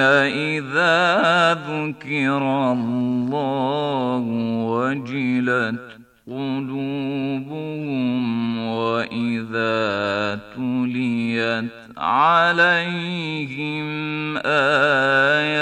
الذين إذا ذكر الله وجلت قلوبهم وإذا تليت عليهم آيات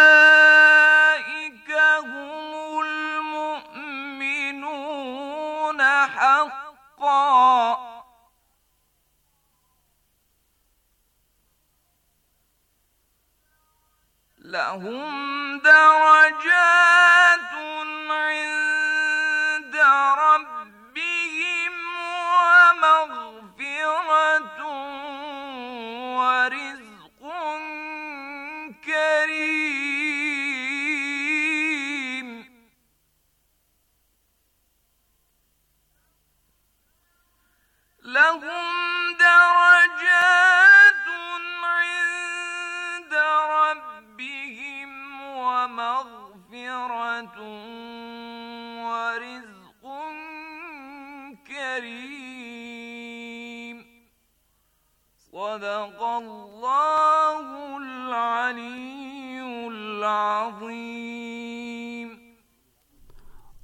لهم درجات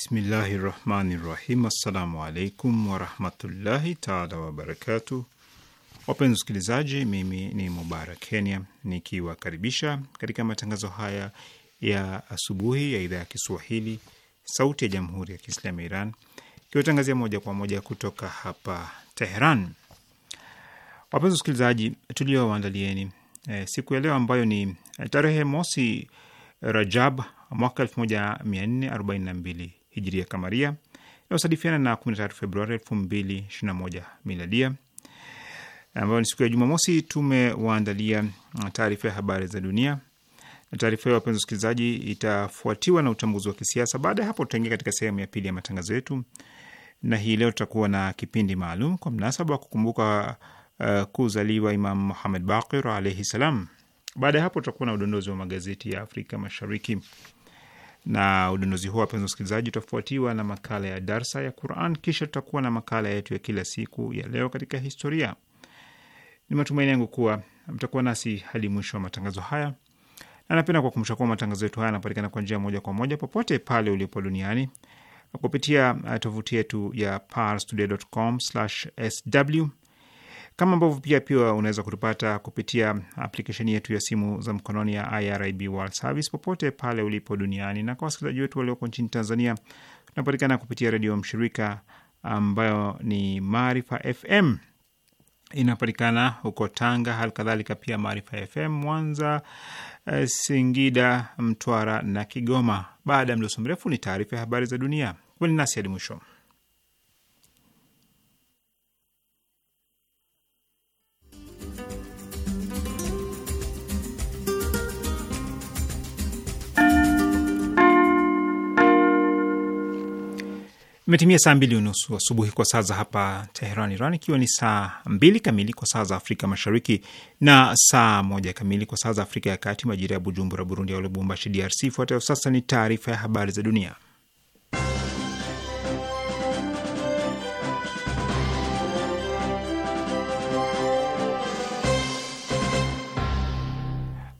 Bismillahi rahmani rahim. Assalamu alaikum warahmatullahi taala wabarakatu. Wapenzi wasikilizaji, mimi ni Mubarak Kenya nikiwakaribisha katika matangazo haya ya asubuhi ya idhaa ya Kiswahili Sauti ya Jamhuri ya Kiislamu ya Iran ikiwatangazia moja kwa moja kutoka hapa Teheran. Wapenzi wasikilizaji, tuliowaandalieni e, siku ya leo ambayo ni tarehe mosi Rajab mwaka mbili hijiria kamaria inayosadifiana na 13 Februari 2021 miladia, ambayo ni siku ya Jumamosi, tumewaandalia taarifa ya habari za dunia na taarifa hiyo, wapenzi wasikilizaji, itafuatiwa na uchambuzi wa kisiasa. Baada ya hapo, tutaingia katika sehemu ya pili ya matangazo yetu, na hii leo tutakuwa na kipindi maalum kwa mnasaba wa kukumbuka uh, kuzaliwa Imam Muhammad Baqir alaihi salam. Baada ya hapo, tutakuwa na udondozi wa magazeti ya Afrika Mashariki na udondozi huo, wapenzi wasikilizaji, utafuatiwa na makala ya darsa ya Quran, kisha tutakuwa na makala yetu ya kila siku ya leo katika historia. Ni matumaini yangu kuwa mtakuwa nasi hadi mwisho wa matangazo haya, na napenda kuwakumbusha kuwa matangazo yetu haya yanapatikana kwa njia moja kwa moja popote pale ulipo duniani kupitia uh, tovuti yetu ya parstoday.com/sw kama ambavyo pia pia unaweza kutupata kupitia aplikesheni yetu ya simu za mkononi ya IRIB World Service popote pale ulipo duniani, na kwa wasikilizaji wetu walioko nchini Tanzania tunapatikana kupitia redio mshirika ambayo ni Maarifa FM, inapatikana huko Tanga, hali kadhalika pia Maarifa FM Mwanza, eh, Singida, Mtwara na Kigoma. Baada ya mdoso mrefu ni taarifa ya habari za dunia. Kuweni nasi hadi mwisho. Imetimia saa mbili unusu asubuhi kwa saa za hapa Teheran, Iran, ikiwa ni saa mbili kamili kwa saa za Afrika Mashariki na saa moja kamili kwa saa za Afrika ya Kati, majira ya Bujumbura, Burundi, au Lubumbashi, DRC. Ifuatayo sasa ni taarifa ya habari za dunia,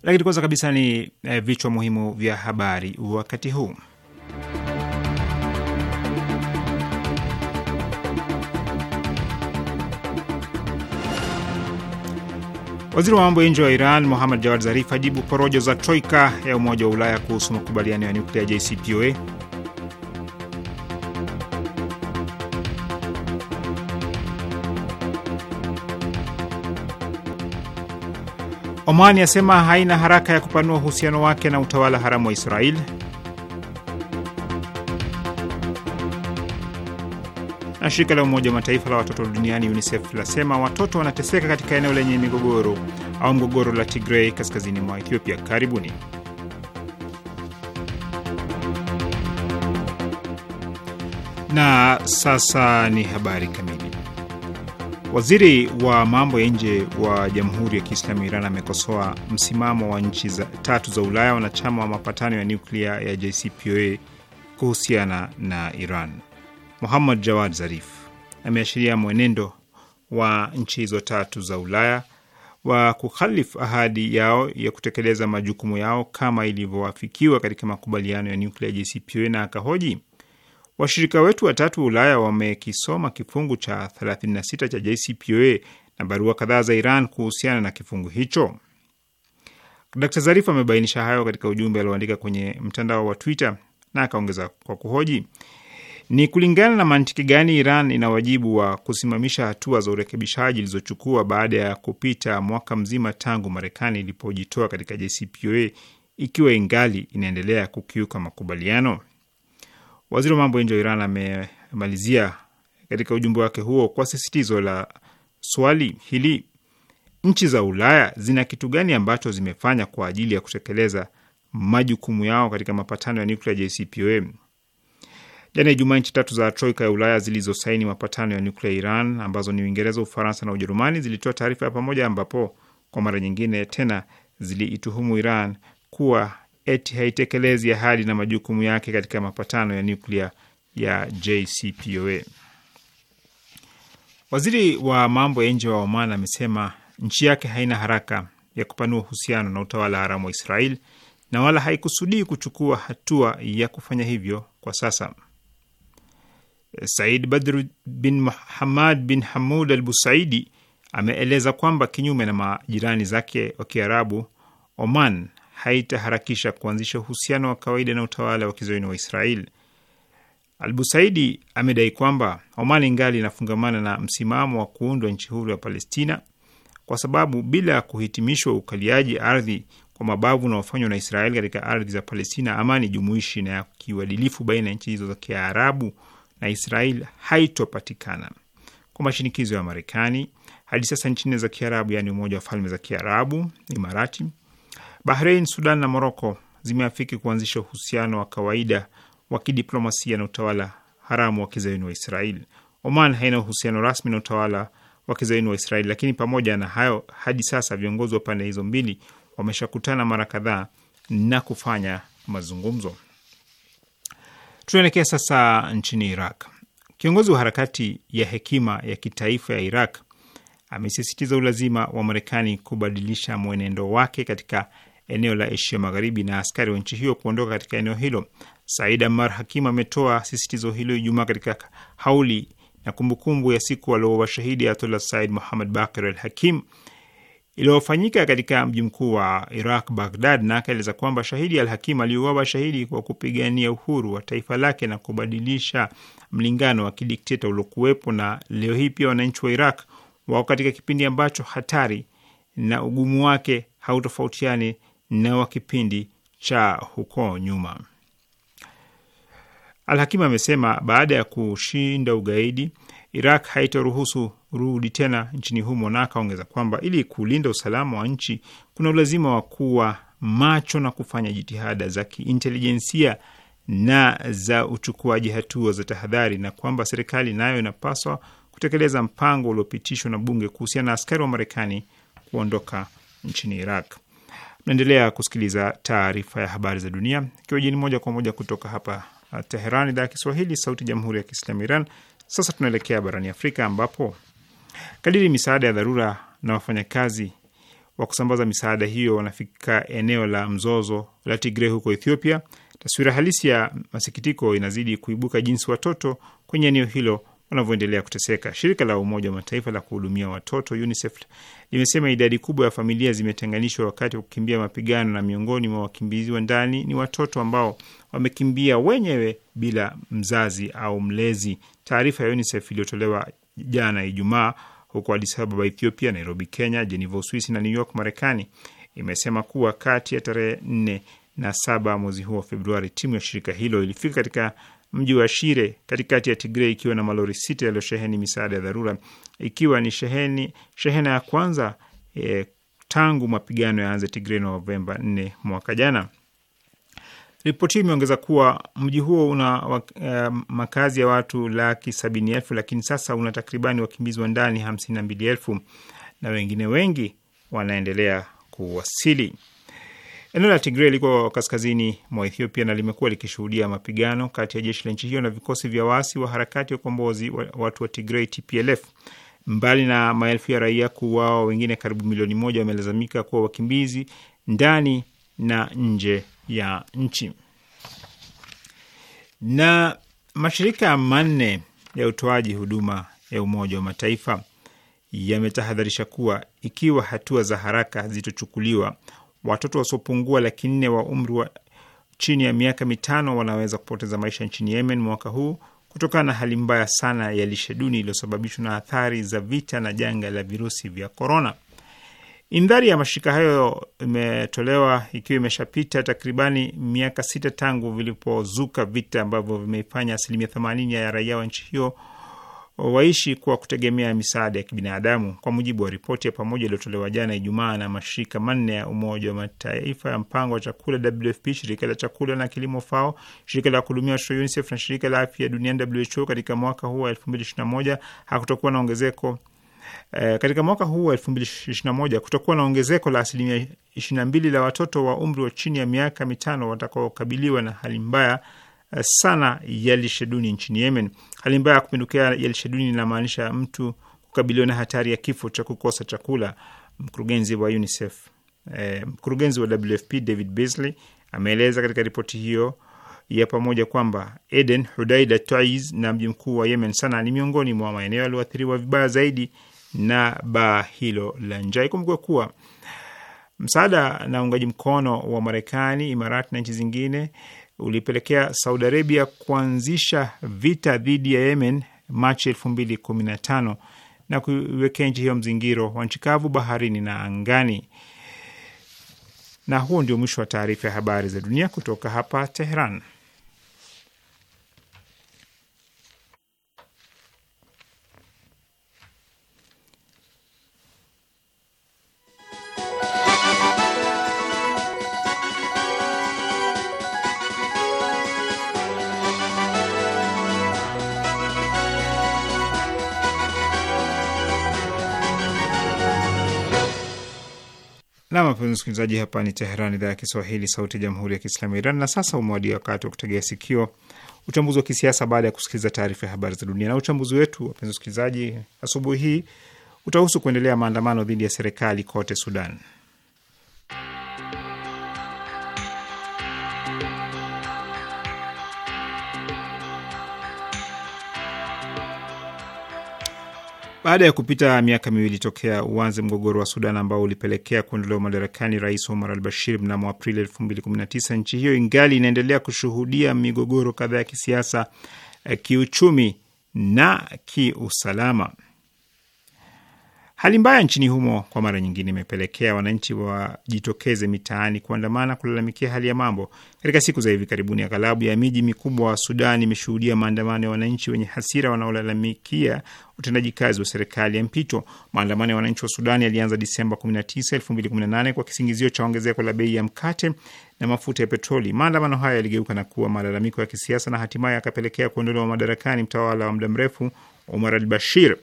lakini kwanza kabisa ni eh, vichwa muhimu vya habari wakati huu. Waziri wa mambo ya nje wa Iran Mohammad Jawad Zarif ajibu porojo za troika ya Umoja wa Ulaya kuhusu makubaliano ya nyuklia JCPOA. Oman yasema haina haraka ya kupanua uhusiano wake na utawala haramu wa Israeli. shirika la Umoja wa Mataifa la watoto duniani UNICEF linasema watoto wanateseka katika eneo lenye migogoro au mgogoro la Tigrei kaskazini mwa Ethiopia. Karibuni. Na sasa ni habari kamili. Waziri wa mambo ya nje wa Jamhuri ya Kiislamu Iran amekosoa msimamo wa nchi za, tatu za Ulaya wanachama wa mapatano ya nyuklia ya JCPOA kuhusiana na Iran. Muhammad Jawad Zarif ameashiria mwenendo wa nchi hizo tatu za Ulaya wa kukhalifu ahadi yao ya kutekeleza majukumu yao kama ilivyoafikiwa katika makubaliano ya nyuklia JCPOA na akahoji washirika wetu watatu wa Ulaya wamekisoma kifungu cha 36 cha JCPOA na barua kadhaa za Iran kuhusiana na kifungu hicho. Dr Zarif amebainisha hayo katika ujumbe alioandika kwenye mtandao wa Twitter na akaongeza kwa kuhoji, ni kulingana na mantiki gani Iran ina wajibu wa kusimamisha hatua za urekebishaji ilizochukua baada ya kupita mwaka mzima tangu Marekani ilipojitoa katika JCPOA ikiwa ingali inaendelea kukiuka makubaliano? Waziri wa mambo ya nje wa Iran amemalizia katika ujumbe wake huo kwa sisitizo la swali hili: nchi za Ulaya zina kitu gani ambacho zimefanya kwa ajili ya kutekeleza majukumu yao katika mapatano ya nuklia JCPOA? Jana Ijumaa, nchi tatu za troika ya Ulaya zilizosaini mapatano ya nuklia Iran ambazo ni Uingereza, Ufaransa na Ujerumani zilitoa taarifa ya pamoja ambapo kwa mara nyingine tena ziliituhumu Iran kuwa eti haitekelezi ahadi na majukumu yake katika mapatano ya nuklia ya JCPOA. Waziri wa mambo ya nje wa Oman amesema nchi yake haina haraka ya kupanua uhusiano na utawala haramu wa Israel na wala haikusudii kuchukua hatua ya kufanya hivyo kwa sasa. Said Badr bin Muhammad bin Hamud al Busaidi ameeleza kwamba kinyume na majirani zake wa Kiarabu, Oman haitaharakisha kuanzisha uhusiano wa kawaida na utawala wa kizoini wa Israel. Al Busaidi amedai kwamba Oman ingali inafungamana na msimamo wa kuundwa nchi huru ya Palestina kwa sababu bila ya kuhitimishwa ukaliaji ardhi kwa mabavu unaofanywa na Israel katika ardhi za Palestina, amani jumuishi na ya kiuadilifu baina ya nchi hizo za Kiarabu na Israel haitopatikana kwa mashinikizo ya Marekani. Hadi sasa nchi nne za Kiarabu, yaani Umoja wa Falme za Kiarabu, Imarati, Bahrein, Sudan na Moroko zimeafiki kuanzisha uhusiano wa kawaida wa kidiplomasia na utawala haramu wa kizayuni wa Israel. Oman haina uhusiano rasmi na utawala wa kizayuni wa Israel, lakini pamoja na hayo, hadi sasa viongozi wa pande hizo mbili wameshakutana mara kadhaa na kufanya mazungumzo. Tunaelekea sasa nchini Iraq. Kiongozi wa harakati ya hekima ya kitaifa ya Iraq amesisitiza ulazima wa Marekani kubadilisha mwenendo wake katika eneo la Asia Magharibi na askari wa nchi hiyo kuondoka katika eneo hilo. Said amar Hakim ametoa sisitizo hilo Ijumaa katika hauli na kumbukumbu ya siku aliowashahidi Ayatollah Said Muhammad Bakir al Hakim iliyofanyika katika mji mkuu wa Iraq, Baghdad, na akaeleza kwamba shahidi Al Hakim aliuawa shahidi kwa kupigania uhuru wa taifa lake na kubadilisha mlingano wa kidikteta uliokuwepo, na leo hii pia wananchi wa Iraq wako katika kipindi ambacho hatari na ugumu wake hautofautiani na wa kipindi cha huko nyuma. Al Hakim amesema baada ya kushinda ugaidi, Iraq haitaruhusu kurudi tena nchini humo, na akaongeza kwamba ili kulinda usalama wa nchi kuna ulazima wa kuwa macho na kufanya jitihada za kiintelijensia na za uchukuaji hatua za tahadhari, na kwamba serikali nayo inapaswa kutekeleza mpango uliopitishwa na bunge kuhusiana na askari wa Marekani kuondoka nchini Iraq. Naendelea kusikiliza taarifa ya habari za dunia ikiwa jini moja kwa moja kutoka hapa uh, Teheran, idhaa ya Kiswahili, sauti ya jamhuri ya kiislamu Iran. Sasa tunaelekea barani Afrika ambapo Kadiri misaada ya dharura na wafanyakazi wa kusambaza misaada hiyo wanafika eneo la mzozo la Tigre huko Ethiopia, taswira halisi ya masikitiko inazidi kuibuka jinsi watoto kwenye eneo hilo wanavyoendelea kuteseka. Shirika la Umoja wa Mataifa la kuhudumia watoto UNICEF limesema idadi kubwa ya familia zimetenganishwa wakati wa kukimbia mapigano, na miongoni mwa wakimbizi wa ndani ni watoto ambao wamekimbia wenyewe bila mzazi au mlezi. Taarifa ya UNICEF iliyotolewa jana Ijumaa huko Addis Ababa Ethiopia, Nairobi Kenya, Geneva Uswisi na New York Marekani, imesema kuwa kati ya tarehe nne na saba mwezi huu wa Februari, timu ya shirika hilo ilifika katika mji wa Shire katikati ya Tigrei ikiwa na malori sita yaliyosheheni misaada ya dharura, ikiwa ni sheheni, shehena ya kwanza eh, tangu mapigano yaanze Tigrei Novemba nne mwaka jana. Ripoti hii imeongeza kuwa mji huo una uh, makazi ya watu laki sabini elfu lakini sasa una takribani wakimbizi wa ndani hamsini na mbili elfu na wengine wengi wanaendelea kuwasili. Eneo la Tigre liko kaskazini mwa Ethiopia na limekuwa likishuhudia mapigano kati ya jeshi la nchi hiyo na vikosi vya waasi wa harakati ya ukombozi wa watu wa tigrei TPLF. Mbali na maelfu ya raia kuuawa, wengine karibu milioni moja wamelazimika kuwa wakimbizi ndani na nje ya nchi. Na mashirika manne ya utoaji huduma ya Umoja wa Mataifa yametahadharisha kuwa ikiwa hatua za haraka zitochukuliwa watoto wasiopungua laki nne wa umri wa chini ya miaka mitano wanaweza kupoteza maisha nchini Yemen mwaka huu kutokana na hali mbaya sana ya lishe duni iliyosababishwa na athari za vita na janga la virusi vya korona. Indhari ya mashirika hayo imetolewa ikiwa imeshapita takribani miaka sita tangu vilipozuka vita ambavyo vimeifanya asilimia themanini ya raia wa nchi hiyo waishi kwa kutegemea misaada ya kibinadamu, kwa mujibu wa ripoti ya pamoja iliyotolewa jana Ijumaa na mashirika manne ya Umoja wa Mataifa ya mpango wa chakula WFP, shirika la chakula na kilimo FAO, shirika la kuhudumia watoto UNICEF na shirika la afya duniani WHO. Katika mwaka huu wa 2021 hakutokuwa na ongezeko e, katika mwaka huu wa 2021 kutakuwa na ongezeko la asilimia 22 la watoto wa umri wa chini ya miaka mitano watakaokabiliwa na hali mbaya eh, sana ya lishe duni nchini Yemen. Hali mbaya ya kupindukia ya lishe duni inamaanisha mtu kukabiliwa na hatari ya kifo cha kukosa chakula. Mkurugenzi wa UNICEF e, mkurugenzi wa WFP David Beasley ameeleza katika ripoti hiyo ya pamoja kwamba Eden, Hudaida, Taiz na mji mkuu wa Yemen Sana ni miongoni mwa maeneo yaliyoathiriwa vibaya zaidi na baa hilo la njaa. Ikumbukwe kuwa msaada na uungaji mkono wa Marekani, Imarati na nchi zingine ulipelekea Saudi Arabia kuanzisha vita dhidi ya Yemen Machi elfu mbili kumi na tano na kuiwekea nchi hiyo mzingiro wa nchi kavu, baharini na angani. Na huo ndio mwisho wa taarifa ya habari za dunia kutoka hapa Teheran. Nam, wapenzi msikilizaji, hapa ni Teheran, idhaa ya Kiswahili, sauti ya jamhuri ya kiislamu ya Iran. Na sasa umewadia wakati wa kutegea sikio uchambuzi wa kisiasa baada ya kusikiliza taarifa ya habari za dunia. Na uchambuzi wetu, wapenzi msikilizaji, asubuhi hii utahusu kuendelea maandamano dhidi ya serikali kote Sudan. Baada ya kupita miaka miwili tokea uanze mgogoro wa Sudan ambao ulipelekea kuondolewa madarakani Rais Omar al Bashir mnamo Aprili 2019, nchi hiyo ingali inaendelea kushuhudia migogoro kadhaa ya kisiasa, eh, kiuchumi na kiusalama. Hali mbaya nchini humo kwa mara nyingine imepelekea wananchi wajitokeze mitaani kuandamana kulalamikia hali ya mambo. Katika siku za hivi karibuni, aghalabu ya miji mikubwa wa Sudan imeshuhudia maandamano ya wananchi wenye hasira wanaolalamikia utendaji kazi wa serikali ya mpito. Maandamano ya wananchi wa Sudan yalianza Disemba 19, 2018 kwa kisingizio cha ongezeko la bei ya mkate na mafuta ya petroli. Maandamano hayo yaligeuka na kuwa malalamiko ya kisiasa na hatimaye yakapelekea kuondolewa madarakani mtawala wa muda mrefu Omar al Bashir.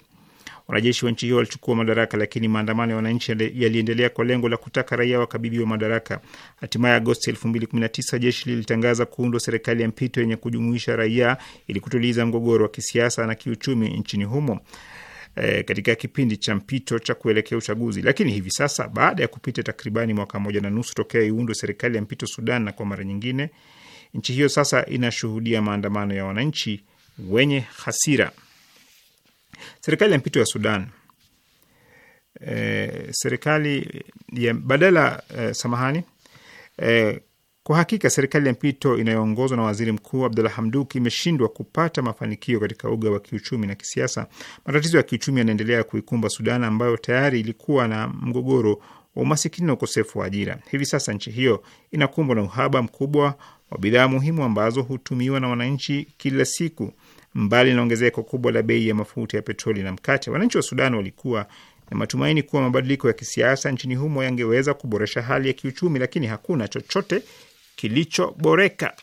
Wanajeshi wa nchi hiyo walichukua madaraka, lakini maandamano ya wananchi yaliendelea kwa lengo la kutaka raia wakabidhiwa madaraka. Hatimaye Agosti 2019 jeshi lilitangaza kuundwa serikali ya mpito yenye kujumuisha raia ili kutuliza mgogoro wa kisiasa na kiuchumi nchini humo. E, katika kipindi cha mpito cha kuelekea uchaguzi. Lakini hivi sasa baada ya kupita takribani mwaka moja na nusu tokea iundwe serikali ya mpito Sudan, na kwa mara nyingine nchi hiyo sasa inashuhudia maandamano ya wananchi wenye hasira. Serikali ya mpito ya Sudan e, serikali ya badala e, samahani e, kwa hakika serikali ya mpito inayoongozwa na waziri mkuu Abdalla Hamduk imeshindwa kupata mafanikio katika uga wa kiuchumi na kisiasa. Matatizo ya kiuchumi yanaendelea kuikumba Sudan ambayo tayari ilikuwa na mgogoro wa umasikini na ukosefu wa ajira. Hivi sasa nchi hiyo inakumbwa na uhaba mkubwa wa bidhaa muhimu ambazo hutumiwa na wananchi kila siku mbali na ongezeko kubwa la bei ya mafuta ya petroli na mkate, wananchi wa Sudan walikuwa na matumaini kuwa mabadiliko ya kisiasa nchini humo yangeweza kuboresha hali ya kiuchumi, lakini hakuna chochote kilichoboreka.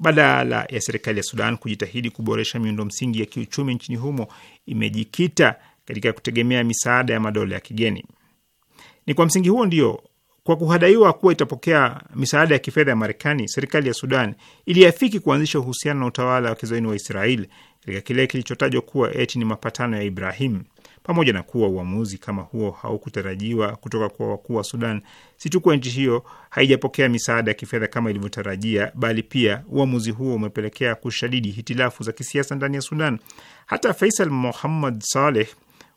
Badala ya serikali ya Sudan kujitahidi kuboresha miundo msingi ya kiuchumi nchini humo, imejikita katika kutegemea misaada ya madola ya kigeni. Ni kwa msingi huo ndio kwa kuhadaiwa kuwa itapokea misaada ya kifedha ya Marekani, serikali ya Sudan iliafiki kuanzisha uhusiano na utawala wa kizoeni wa Israel katika kile kilichotajwa kuwa eti ni mapatano ya Ibrahim. Pamoja na kuwa uamuzi kama huo haukutarajiwa kutoka kwa wakuu wa Sudan, si tu kuwa nchi hiyo haijapokea misaada ya kifedha kama ilivyotarajia, bali pia uamuzi huo umepelekea kushadidi hitilafu za kisiasa ndani ya Sudan. Hata Faisal Mohammad Saleh,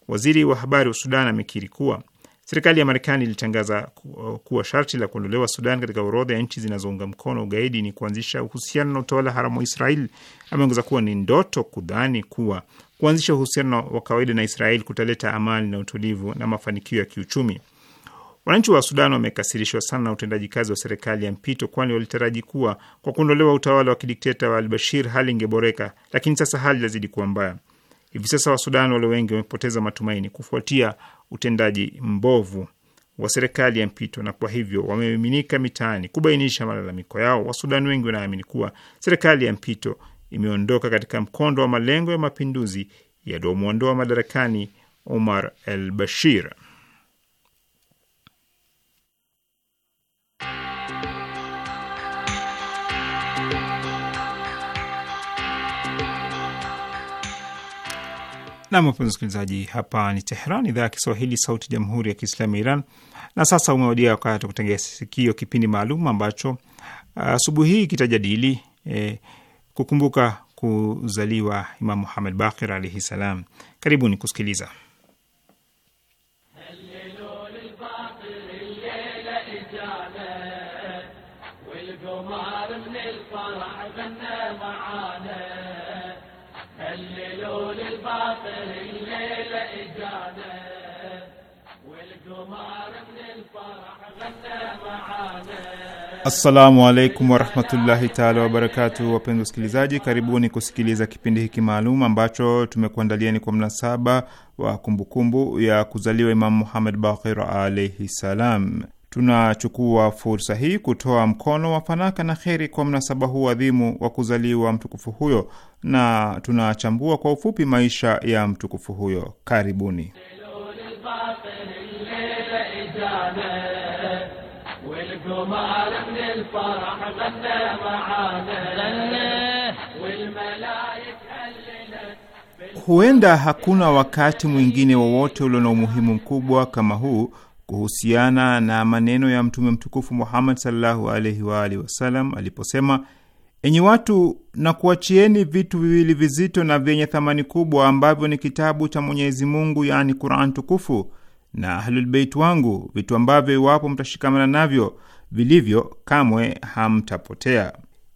waziri wa habari wa Sudan, amekiri kuwa Serikali ya Marekani ilitangaza uh, kuwa sharti la kuondolewa Sudan katika orodha ya nchi zinazounga mkono ugaidi ni kuanzisha uhusiano na utawala haramu wa Israel. Ameongeza kuwa ni ndoto kudhani kuwa kuanzisha uhusiano wa kawaida na Israel kutaleta amani na utulivu na mafanikio ya kiuchumi. Wananchi wa Sudan wamekasirishwa sana na utendaji kazi wa serikali ya mpito, kwani walitaraji kuwa kwa kuondolewa utawala wa kidikteta wa Albashir hali ingeboreka, lakini sasa hali lazidi kuwa mbaya. Hivi sasa Wasudan walio wengi wamepoteza matumaini kufuatia utendaji mbovu wa serikali ya mpito na kwa hivyo wamemiminika mitaani kubainisha malalamiko yao. Wasudani wengi wanaamini kuwa serikali ya mpito imeondoka katika mkondo wa malengo ya mapinduzi yaliyomwondoa madarakani Omar al Bashir. Nam, wapenzi msikilizaji, hapa ni Teheran, idhaa ya Kiswahili, sauti ya jamhuri ya kiislamu ya Iran. Na sasa umewadia wakati wa kutengea sikio kipindi maalum ambacho uh, asubuhi hii kitajadili e, kukumbuka kuzaliwa Imam Muhammad Bakir alaihi salam. Karibuni kusikiliza. Assalamu alaikum warahmatullahi taala wabarakatu. Wapenzi wasikilizaji, karibuni kusikiliza kipindi hiki maalum ambacho tumekuandaliani kwa mnasaba wa kumbukumbu kumbu ya kuzaliwa Imamu Muhammad Baqir alaihi salam. Tunachukua fursa hii kutoa mkono wa fanaka na kheri kwa mnasaba huu adhimu wa kuzaliwa mtukufu huyo, na tunachambua kwa ufupi maisha ya mtukufu huyo. Karibuni. معانا من الفرح غنى معانا والملايك هللت Huenda hakuna wakati mwingine wowote ulio na umuhimu mkubwa kama huu kuhusiana na maneno ya Mtume mtukufu Muhammad sallallahu alaihi wa alihi wasallam aliposema, enyi watu, na kuachieni vitu viwili vizito na vyenye thamani kubwa ambavyo ni kitabu cha Mwenyezi Mungu, yaani Quran tukufu na Ahlulbeit wangu, vitu ambavyo iwapo mtashikamana navyo vilivyo, kamwe hamtapotea.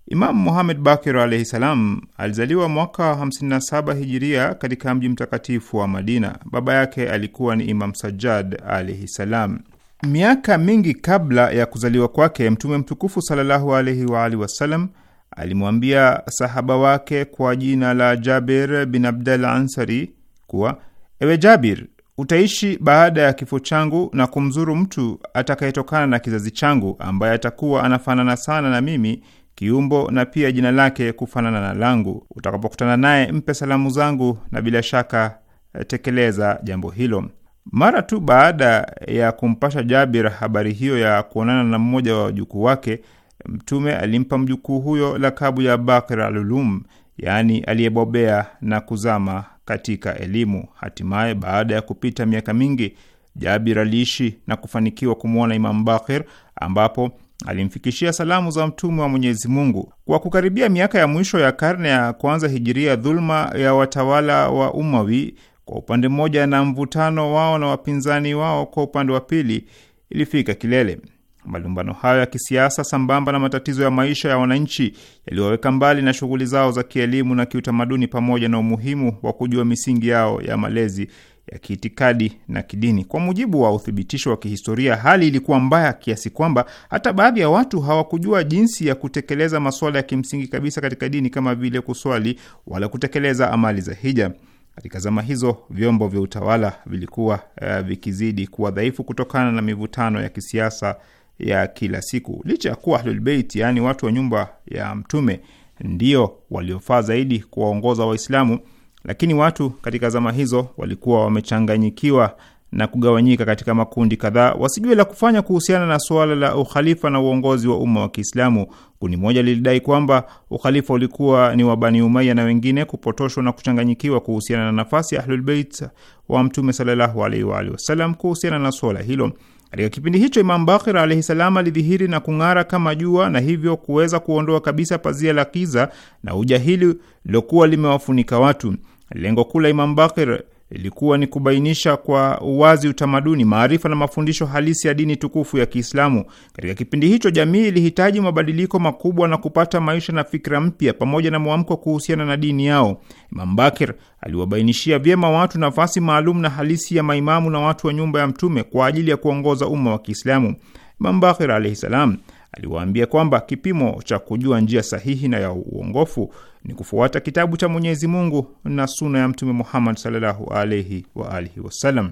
Imamu Muhamed Bakir alaihi salam alizaliwa mwaka 57 hijiria katika mji mtakatifu wa Madina. Baba yake alikuwa ni Imam Sajjad alaihi salam. Miaka mingi kabla ya kuzaliwa kwake, Mtume mtukufu sallallahu alaihi wa alihi wasallam alimwambia sahaba wake kwa jina la Jabir bin Abdal Ansari kuwa, ewe Jabir, Utaishi baada ya kifo changu na kumzuru mtu atakayetokana na kizazi changu ambaye atakuwa anafanana sana na mimi kiumbo na pia jina lake kufanana na langu. Utakapokutana naye mpe salamu zangu na bila shaka eh, tekeleza jambo hilo. Mara tu baada ya kumpasha Jabir habari hiyo ya kuonana na mmoja wa wajukuu wake, Mtume alimpa mjukuu huyo lakabu ya Bakr al-Ulum, yaani aliyebobea na kuzama katika elimu. Hatimaye, baada ya kupita miaka mingi, Jabir aliishi na kufanikiwa kumwona Imam Bakir, ambapo alimfikishia salamu za mtume wa Mwenyezi Mungu. Kwa kukaribia miaka ya mwisho ya karne ya kwanza hijiria, dhuluma ya watawala wa Umawi kwa upande mmoja na mvutano wao na wapinzani wao kwa upande wa pili ilifika kilele. Malumbano hayo ya kisiasa sambamba na matatizo ya maisha ya wananchi yaliyoweka mbali na shughuli zao za kielimu na kiutamaduni, pamoja na umuhimu wa kujua misingi yao ya malezi ya kiitikadi na kidini. Kwa mujibu wa uthibitisho wa kihistoria, hali ilikuwa mbaya kiasi kwamba hata baadhi ya watu hawakujua jinsi ya kutekeleza masuala ya kimsingi kabisa katika dini kama vile kuswali wala kutekeleza amali za hija. Katika zama hizo vyombo vya utawala vilikuwa uh, vikizidi kuwa dhaifu kutokana na mivutano ya kisiasa ya kila siku, licha ya kuwa Ahlulbeit, yaani watu wa nyumba ya Mtume, ndio waliofaa zaidi kuwaongoza Waislamu, lakini watu katika zama hizo walikuwa wamechanganyikiwa na kugawanyika katika makundi kadhaa, wasijue la kufanya kuhusiana na suala la ukhalifa na uongozi wa umma wa Kiislamu. Kundi moja lilidai kwamba ukhalifa ulikuwa ni wa Bani Umayya na wengine kupotoshwa na kuchanganyikiwa kuhusiana na nafasi ya Ahlulbeit wa Mtume sallallahu alaihi wa alihi wasallam kuhusiana na suala hilo. Katika kipindi hicho Imam Bakir alaihi salam alidhihiri na kung'ara kama jua na hivyo kuweza kuondoa kabisa pazia la kiza na ujahili lilokuwa limewafunika watu. Lengo kuu la Imam Bakir ilikuwa ni kubainisha kwa uwazi utamaduni, maarifa na mafundisho halisi ya dini tukufu ya Kiislamu. Katika kipindi hicho, jamii ilihitaji mabadiliko makubwa na kupata maisha na fikra mpya pamoja na mwamko kuhusiana na dini yao. Imam Bakir aliwabainishia vyema watu nafasi maalum na halisi ya maimamu na watu wa nyumba ya Mtume kwa ajili ya kuongoza umma wa Kiislamu. Imam Bakir alaihi salam aliwaambia kwamba kipimo cha kujua njia sahihi na ya uongofu ni kufuata kitabu cha Mwenyezi Mungu na suna ya Mtume Muhammad sallallahu alaihi wa alihi wasallam.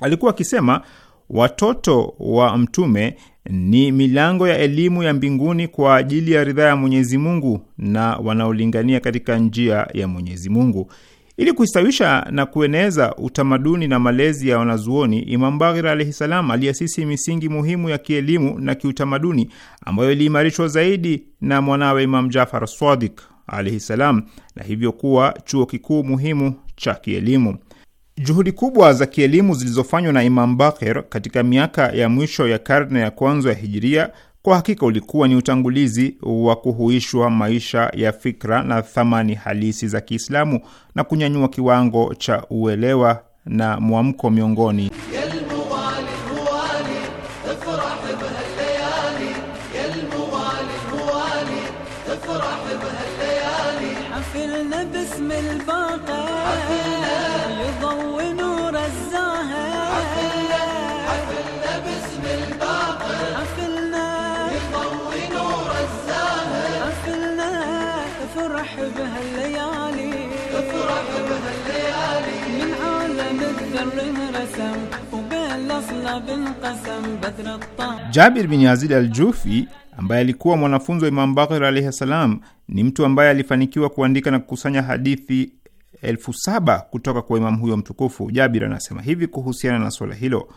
Alikuwa akisema watoto wa Mtume ni milango ya elimu ya mbinguni kwa ajili ya ridhaa ya Mwenyezi Mungu na wanaolingania katika njia ya Mwenyezi Mungu. Ili kuistawisha na kueneza utamaduni na malezi ya wanazuoni, Imam Baghir alaihi salam aliasisi misingi muhimu ya kielimu na kiutamaduni ambayo iliimarishwa zaidi na mwanawe Imam Jafar Sadiq alaihi na hivyo kuwa chuo kikuu muhimu cha kielimu. Juhudi kubwa za kielimu zilizofanywa na Imam Bakir katika miaka ya mwisho ya karne ya kwanza ya hijiria kwa hakika ulikuwa ni utangulizi wa kuhuishwa maisha ya fikra na thamani halisi za Kiislamu na kunyanyua kiwango cha uelewa na mwamko miongoni Jabir bin Yazid al-Jufi ambaye alikuwa mwanafunzi wa Imam Baghir alaihi salam ni mtu ambaye alifanikiwa kuandika na kukusanya hadithi elfu saba kutoka kwa imamu huyo mtukufu. Jabir anasema hivi kuhusiana na swala hilo: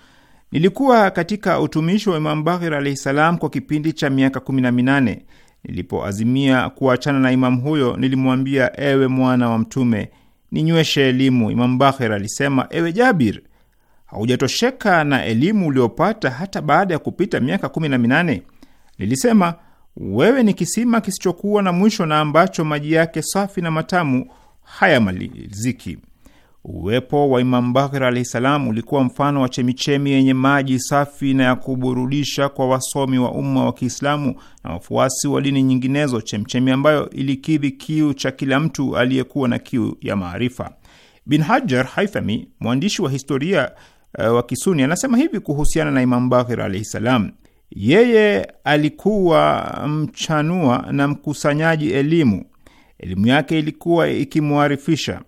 nilikuwa katika utumishi wa Imam Baghir alaihi ssalam kwa kipindi cha miaka kumi na minane. Nilipoazimia kuachana na imamu huyo, nilimwambia, ewe mwana wa Mtume, ninyweshe elimu. Imam Baghir alisema, ewe Jabir, haujatosheka na elimu uliopata hata baada ya kupita miaka kumi na minane. Nilisema wewe ni kisima kisichokuwa na mwisho na ambacho maji yake safi na matamu hayamaliziki. Uwepo wa Imam Bakhir alahi salam ulikuwa mfano wa chemichemi yenye maji safi na ya kuburudisha kwa wasomi wa umma wa Kiislamu na wafuasi wa dini nyinginezo, chemichemi ambayo ilikidhi kiu cha kila mtu aliyekuwa na kiu ya maarifa. Bin Hajar Haithami, mwandishi wa historia Eh, wa Kisuni anasema hivi kuhusiana na Imam Bakir alaihi salam: yeye alikuwa mchanua na mkusanyaji elimu, elimu yake ilikuwa ikimwarifisha.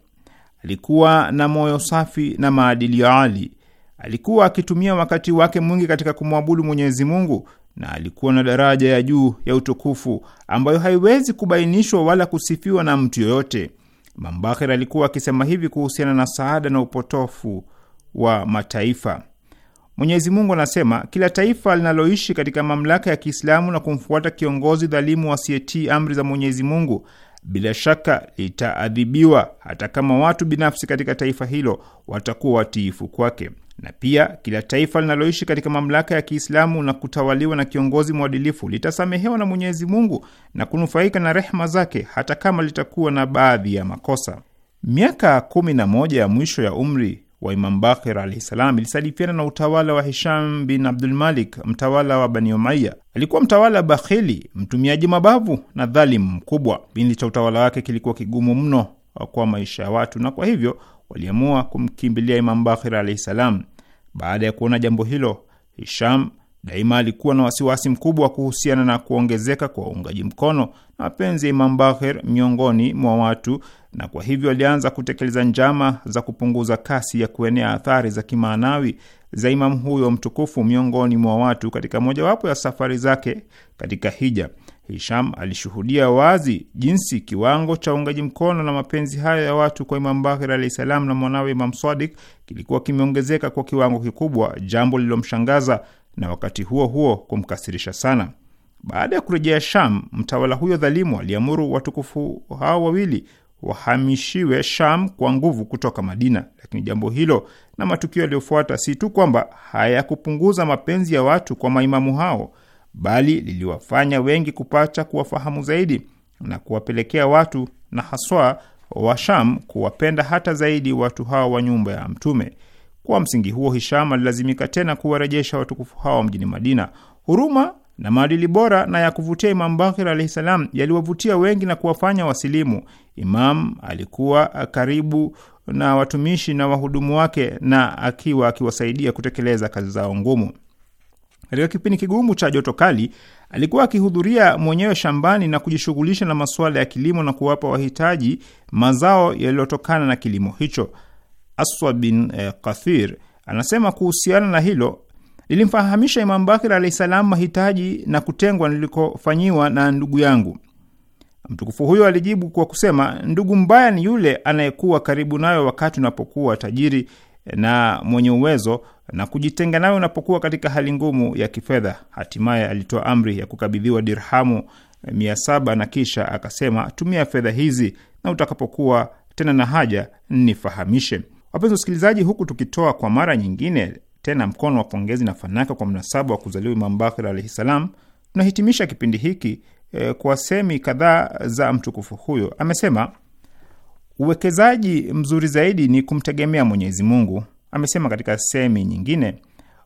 Alikuwa na moyo safi na maadili ya ali. Alikuwa akitumia wakati wake mwingi katika kumwabudu Mwenyezi Mungu na alikuwa na daraja ya juu ya utukufu ambayo haiwezi kubainishwa wala kusifiwa na mtu yoyote. Mambakhir alikuwa akisema hivi kuhusiana na saada na upotofu wa mataifa. Mwenyezi Mungu anasema kila taifa linaloishi katika mamlaka ya Kiislamu na kumfuata kiongozi dhalimu asiyetii amri za Mwenyezi Mungu bila shaka litaadhibiwa, hata kama watu binafsi katika taifa hilo watakuwa watiifu kwake. Na pia kila taifa linaloishi katika mamlaka ya Kiislamu na kutawaliwa na kiongozi mwadilifu litasamehewa na Mwenyezi Mungu na kunufaika na rehma zake, hata kama litakuwa na baadhi ya makosa. Miaka kumi na moja ya mwisho ya umri wa Imam Bakir alahi salam ilisadifiana na utawala wa Hisham bin Abdulmalik, mtawala wa Bani Umaya. Alikuwa mtawala bakhili, mtumiaji mabavu na dhalimu mkubwa. Kipindi cha utawala wake kilikuwa kigumu mno kwa maisha ya watu, na kwa hivyo waliamua kumkimbilia Imam Bakir alahi salam. Baada ya kuona jambo hilo, Hisham daima alikuwa na wasiwasi mkubwa kuhusiana na kuongezeka kwa uungaji mkono na mapenzi ya Imam Bakir miongoni mwa watu na kwa hivyo alianza kutekeleza njama za kupunguza kasi ya kuenea athari za kimaanawi za imamu huyo mtukufu miongoni mwa watu. Katika mojawapo ya safari zake katika hija, Hisham alishuhudia wazi jinsi kiwango cha uungaji mkono na mapenzi hayo ya watu kwa Imamu Bakir alahi salam na mwanawe Imam Sadik kilikuwa kimeongezeka kwa kiwango kikubwa, jambo lililomshangaza na wakati huo huo kumkasirisha sana. Baada ya kurejea Sham, mtawala huyo dhalimu aliamuru watukufu hao wawili wahamishiwe Sham kwa nguvu kutoka Madina. Lakini jambo hilo na matukio yaliyofuata si tu kwamba hayakupunguza mapenzi ya watu kwa maimamu hao, bali liliwafanya wengi kupata kuwafahamu zaidi na kuwapelekea watu na haswa wa Sham kuwapenda hata zaidi watu hao wa nyumba ya Mtume. Kwa msingi huo, Hisham alilazimika tena kuwarejesha watukufu hao mjini Madina. Huruma na maadili bora na ya kuvutia Imam Bakir alaihi salam yaliwavutia wengi na kuwafanya wasilimu. Imam alikuwa karibu na watumishi na wahudumu wake na akiwa akiwasaidia kutekeleza kazi zao ngumu. Katika kipindi kigumu cha joto kali, alikuwa akihudhuria mwenyewe shambani na kujishughulisha na masuala ya kilimo na kuwapa wahitaji mazao yaliyotokana na kilimo hicho. Aswa bin eh, Kathir anasema kuhusiana na hilo Nilimfahamisha Imamu Bakir alahi salam mahitaji na kutengwa nilikofanyiwa na ndugu yangu. Mtukufu huyo alijibu kwa kusema, ndugu mbaya ni yule anayekuwa karibu nayo wakati unapokuwa tajiri na mwenye uwezo na kujitenga nayo unapokuwa katika hali ngumu ya kifedha. Hatimaye alitoa amri ya kukabidhiwa dirhamu mia saba na kisha akasema, tumia fedha hizi na utakapokuwa tena na haja nifahamishe. Wapenzi wasikilizaji, huku tukitoa kwa mara nyingine tena mkono wa pongezi na fanaka kwa mnasaba wa kuzaliwa Imam Bakir alaihi salam, tunahitimisha kipindi hiki e, kwa semi kadhaa za mtukufu huyo. Amesema uwekezaji mzuri zaidi ni kumtegemea Mwenyezi Mungu. Amesema katika semi nyingine,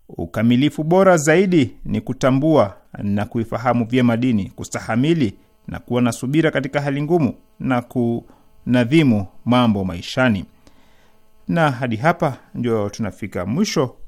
ukamilifu bora zaidi ni kutambua na kuifahamu vyema dini, kustahamili na kuwa na subira katika hali ngumu na kunadhimu mambo maishani. Na hadi hapa ndio tunafika mwisho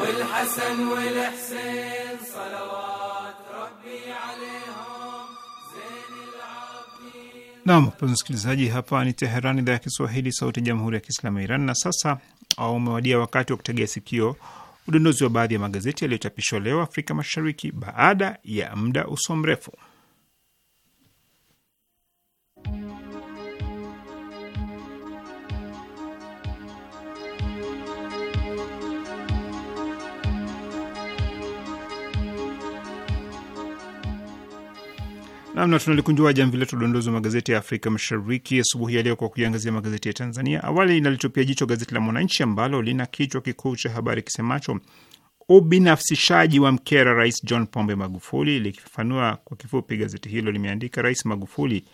والحسن والحسين صلوات ربي عليهم زين العابدين. mpenzi msikilizaji, hapa ni Teherani, idhaa ya Kiswahili, sauti ya jamhuri ya kiislamu ya Iran. Na sasa umewadia wakati wa kutegea sikio udondozi wa baadhi ya magazeti yaliyochapishwa leo Afrika Mashariki baada ya muda usio mrefu. Namna tunalikunjua jamvi letu dondozi wa magazeti ya Afrika Mashariki asubuhi ya leo kwa kuiangazia magazeti ya Tanzania. Awali inalitupia jicho gazeti la Mwananchi ambalo lina kichwa kikuu cha habari kisemacho ubinafsishaji wa mkera Rais John Pombe Magufuli. Likifafanua kwa kifupi, gazeti hilo limeandika, Rais Magufuli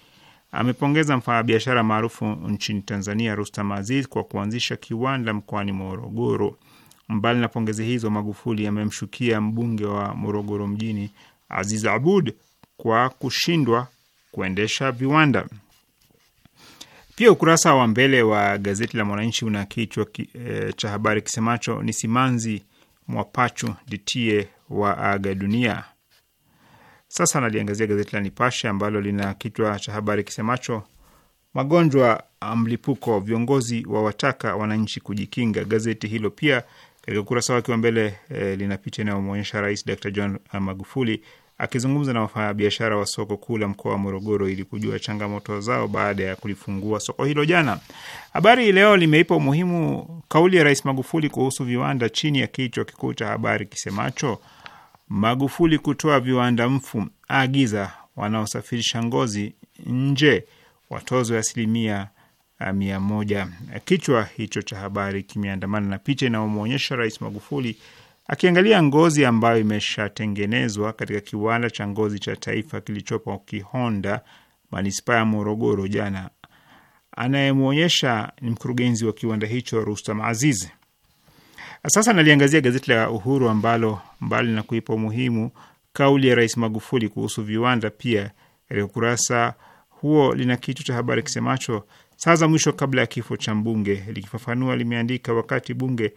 amepongeza mfanyabiashara maarufu nchini Tanzania Rustam Aziz kwa kuanzisha kiwanda mkoani Morogoro. Mbali na pongezi hizo, Magufuli amemshukia mbunge wa Morogoro mjini Aziz Abud kwa kushindwa kuendesha viwanda. Pia ukurasa wa mbele wa gazeti la Mwananchi una kichwa ki, e, cha habari kisemacho ni simanzi Mwapachu ditie wa aga dunia. Sasa naliangazia gazeti la Nipashe ambalo lina kichwa cha habari kisemacho magonjwa ah, mlipuko, viongozi wa wataka wananchi kujikinga. Gazeti hilo pia katika ukurasa wake wa mbele e, lina picha inayomwonyesha Rais Dr John ah, Magufuli Akizungumza na wafanyabiashara wa soko kuu la mkoa wa Morogoro ili kujua changamoto zao baada ya kulifungua soko hilo jana, Habari Leo limeipa umuhimu kauli ya Rais Magufuli kuhusu viwanda chini ya kichwa kikuu cha habari kisemacho Magufuli kutoa viwanda mfu, aagiza wanaosafirisha ngozi nje watozwe asilimia eh, mia moja. Kichwa hicho cha habari kimeandamana na picha inayomwonyesha Rais Magufuli Akiangalia ngozi ambayo imeshatengenezwa katika kiwanda cha ngozi cha taifa kilichopo Kihonda, manispaa ya Morogoro jana, anayemwonyesha ni mkurugenzi wa kiwanda hicho Rustam Aziz. Sasa naliangazia gazeti la Uhuru ambalo mbali na kuipa umuhimu kauli ya Rais Magufuli kuhusu viwanda, pia katika ukurasa huo lina kichwa cha habari kisemacho saa za mwisho kabla ya kifo cha mbunge. Likifafanua limeandika wakati bunge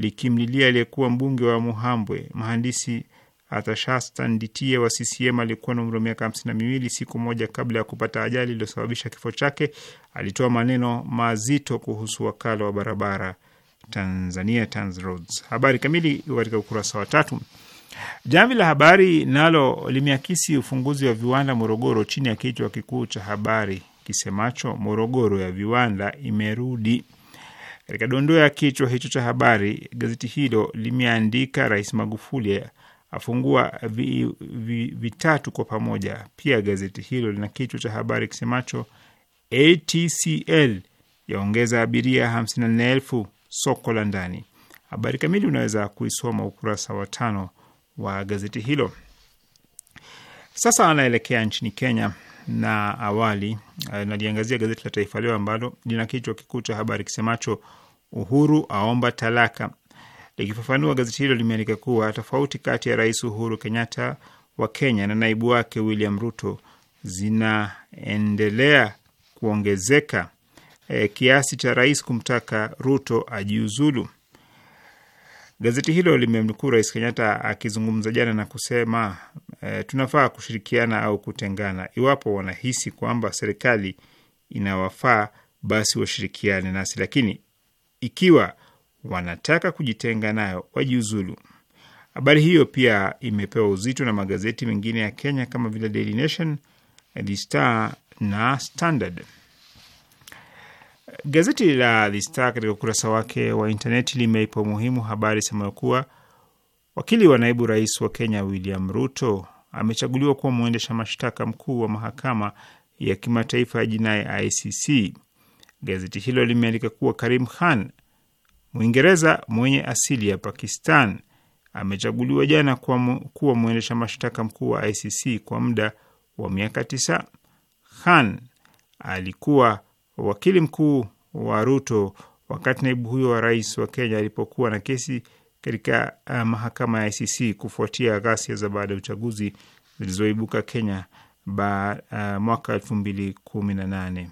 likimlilia aliyekuwa mbunge wa Muhambwe, mhandisi Atashasta Nditie wa CCM alikuwa na umri wa miaka hamsini na miwili. Siku moja kabla ya kupata ajali iliyosababisha kifo chake, alitoa maneno mazito kuhusu wakala wa barabara Tanzania, TANROADS. Habari kamili katika ukurasa wa tatu. Jamvi la Habari nalo limeakisi ufunguzi wa viwanda Morogoro chini ya kichwa kikuu cha habari kisemacho Morogoro ya viwanda imerudi. Katika dondoo ya kichwa hicho cha habari, gazeti hilo limeandika Rais Magufuli afungua vi, vi, vitatu kwa pamoja. Pia gazeti hilo lina kichwa cha habari kisemacho ATCL yaongeza abiria 54,000 soko la ndani. Habari kamili unaweza kuisoma ukurasa wa tano wa gazeti hilo. Sasa anaelekea nchini Kenya na awali eh, naliangazia gazeti la Taifa Leo ambalo lina kichwa kikuu cha habari kisemacho Uhuru aomba talaka. Likifafanua, gazeti hilo limeandika kuwa tofauti kati ya Rais Uhuru Kenyatta wa Kenya na naibu wake William Ruto zinaendelea kuongezeka e, kiasi cha rais kumtaka Ruto ajiuzulu. Gazeti hilo limemnukuu Rais Kenyatta akizungumza jana na kusema e, tunafaa kushirikiana au kutengana. Iwapo wanahisi kwamba serikali inawafaa basi washirikiane nasi, lakini ikiwa wanataka kujitenga nayo wajiuzulu. Habari hiyo pia imepewa uzito na magazeti mengine ya Kenya kama vile Daily Nation, The Star na Standard. Gazeti la The Star katika ukurasa wake wa intaneti limeipa umuhimu habari semayo kuwa wakili wa naibu rais wa Kenya William Ruto amechaguliwa kuwa mwendesha mashtaka mkuu wa mahakama ya kimataifa ya jinai ICC. Gazeti hilo limeandika kuwa Karim Khan, Mwingereza mwenye asili ya Pakistan, amechaguliwa jana kuwa mwendesha mashtaka mkuu wa ICC kwa muda wa miaka tisa. Khan alikuwa wakili mkuu wa Ruto wakati naibu huyo wa rais wa Kenya alipokuwa na kesi katika eh, mahakama ya ICC kufuatia ghasia za baada ya uchaguzi zilizoibuka Kenya ba, uh, mwaka elfu mbili kumi na nane.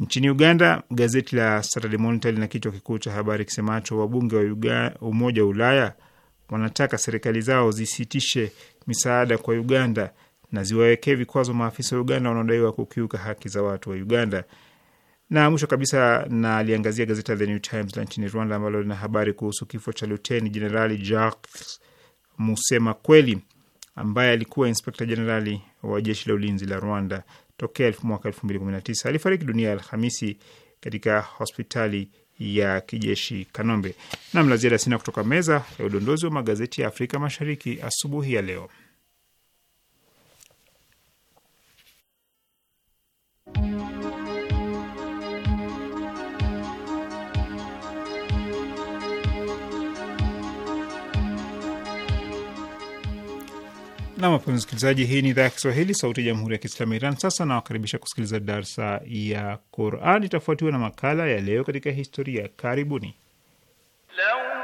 Nchini Uganda, gazeti la Saturday Monitor lina kichwa kikuu cha habari kisemacho wabunge wa Umoja wa Ulaya wanataka serikali zao zisitishe misaada kwa Uganda na ziwawekee vikwazo maafisa wa Uganda wanaodaiwa kukiuka haki za watu wa Uganda. Na mwisho kabisa, naliangazia gazeti la The New Times la nchini Rwanda ambalo lina habari kuhusu kifo cha Luteni Jenerali Jacques Musema Kweli ambaye alikuwa inspekta jenerali wa jeshi la ulinzi la Rwanda tokea mwaka tisa. Alifariki dunia Alhamisi katika hospitali ya kijeshi Kanombe. na ziada sina kutoka meza ya udondozi wa magazeti ya Afrika Mashariki asubuhi ya leo. na mapenzi msikilizaji, hii ni idhaa ya Kiswahili sauti ya jamhuri ya kiislamu ya Iran. Sasa nawakaribisha kusikiliza darsa ya Quran, itafuatiwa na makala ya leo katika historia. Karibuni Law.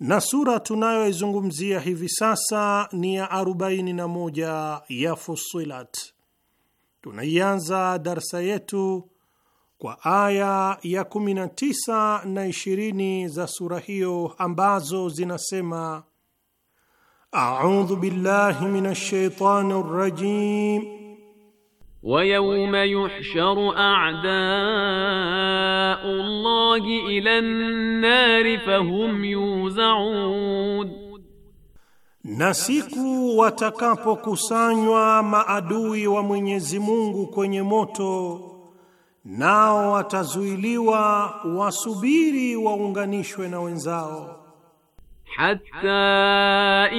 na sura tunayoizungumzia hivi sasa ni ya 41 ya Fusilat. Tunaianza darsa yetu kwa aya ya 19 na 20 za sura hiyo ambazo zinasema: audhu billahi minash shaitani rajim ويوم يحشر أعداء الله إلى النار فهم يوزعون na siku watakapokusanywa maadui wa Mwenyezi Mungu kwenye moto, nao watazuiliwa wasubiri waunganishwe na wenzao. حتى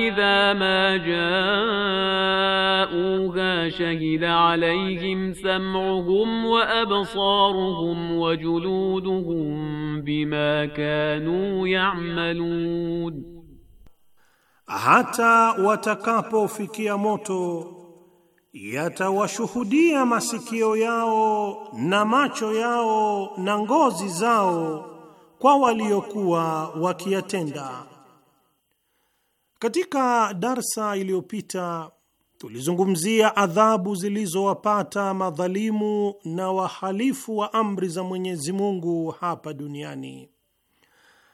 إذا ما جاءوها شهد عليهم سمعهم وأبصارهم وجلودهم بما كانوا يعملون, hata watakapofikia moto yatawashuhudia masikio yao na macho yao na ngozi zao kwa waliokuwa wakiyatenda. Katika darsa iliyopita tulizungumzia adhabu zilizowapata madhalimu na wahalifu wa amri za Mwenyezi Mungu hapa duniani.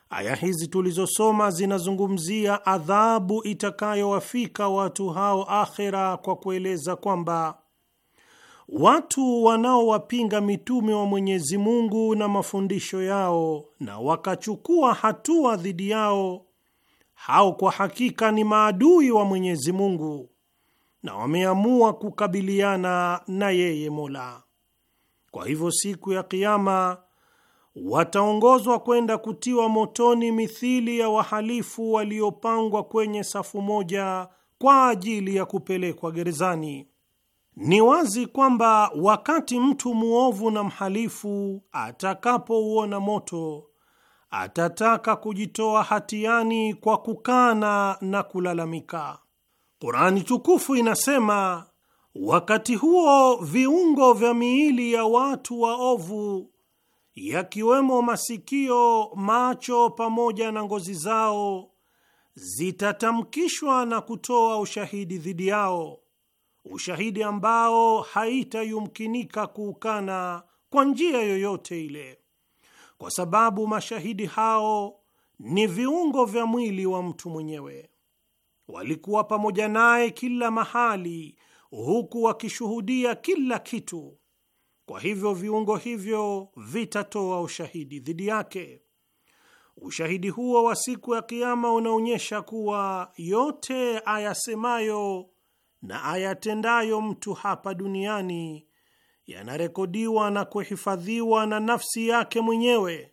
Aya hizi tulizosoma zinazungumzia adhabu itakayowafika watu hao akhera, kwa kueleza kwamba watu wanaowapinga mitume wa Mwenyezi Mungu na mafundisho yao na wakachukua hatua dhidi yao hao kwa hakika ni maadui wa Mwenyezi Mungu na wameamua kukabiliana na yeye Mola. Kwa hivyo siku ya Kiama wataongozwa kwenda kutiwa motoni mithili ya wahalifu waliopangwa kwenye safu moja kwa ajili ya kupelekwa gerezani. Ni wazi kwamba wakati mtu mwovu na mhalifu atakapouona moto atataka kujitoa hatiani kwa kukana na kulalamika. Kurani tukufu inasema, wakati huo viungo vya miili ya watu waovu yakiwemo masikio, macho pamoja na ngozi zao zitatamkishwa na kutoa ushahidi dhidi yao, ushahidi ambao haitayumkinika kuukana kwa njia yoyote ile kwa sababu mashahidi hao ni viungo vya mwili wa mtu mwenyewe. Walikuwa pamoja naye kila mahali, huku wakishuhudia kila kitu. Kwa hivyo viungo hivyo vitatoa ushahidi dhidi yake. Ushahidi huo wa siku ya Kiama unaonyesha kuwa yote ayasemayo na ayatendayo mtu hapa duniani yanarekodiwa na kuhifadhiwa na nafsi yake mwenyewe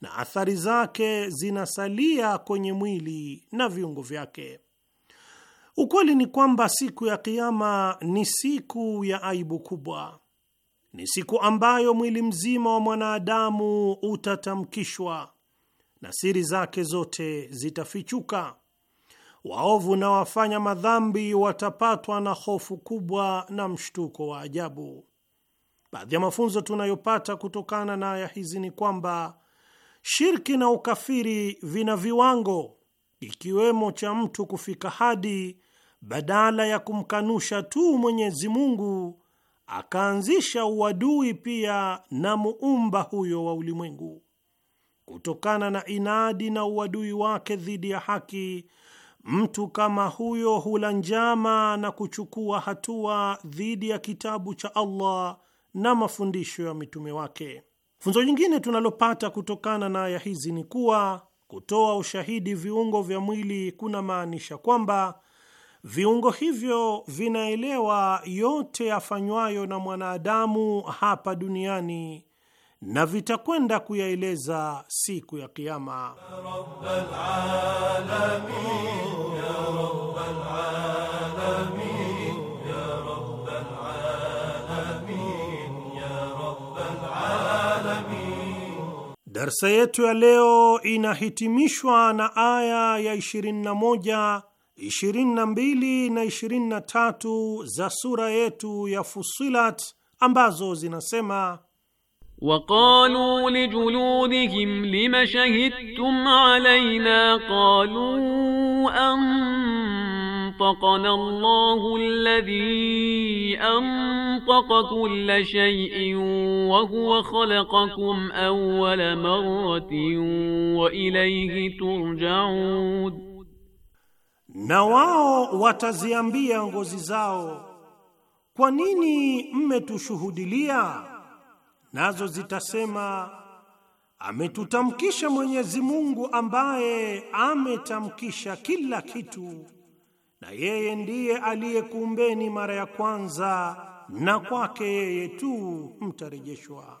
na athari zake zinasalia kwenye mwili na viungo vyake. Ukweli ni kwamba siku ya Kiama ni siku ya aibu kubwa, ni siku ambayo mwili mzima wa mwanadamu utatamkishwa na siri zake zote zitafichuka. Waovu na wafanya madhambi watapatwa na hofu kubwa na mshtuko wa ajabu. Baadhi ya mafunzo tunayopata kutokana na aya hizi ni kwamba shirki na ukafiri vina viwango, ikiwemo cha mtu kufika hadi badala ya kumkanusha tu Mwenyezi Mungu akaanzisha uadui pia na muumba huyo wa ulimwengu. Kutokana na inadi na uadui wake dhidi ya haki, mtu kama huyo hula njama na kuchukua hatua dhidi ya kitabu cha Allah na mafundisho ya mitume wake. Funzo nyingine tunalopata kutokana na aya hizi ni kuwa kutoa ushahidi viungo vya mwili kuna maanisha kwamba viungo hivyo vinaelewa yote yafanywayo na mwanadamu hapa duniani na vitakwenda kuyaeleza siku ya Kiama. Ya Darsa yetu ya leo inahitimishwa na aya ya 21, 22 na 23 za sura yetu ya Fusilat ambazo zinasema Waqalu lijuludihim lima shahidtum علينا qalu أن أنطقنا الله الذي أنطق كل شيء وهو خلقكم أول مرة وإليه ترجعون na wao wataziambia ngozi zao, kwa nini mmetushuhudilia? Nazo zitasema ametutamkisha Mwenyezi Mungu ambaye ametamkisha kila kitu na yeye ndiye aliyekuumbeni mara ya kwanza na kwake yeye tu mtarejeshwa.